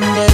London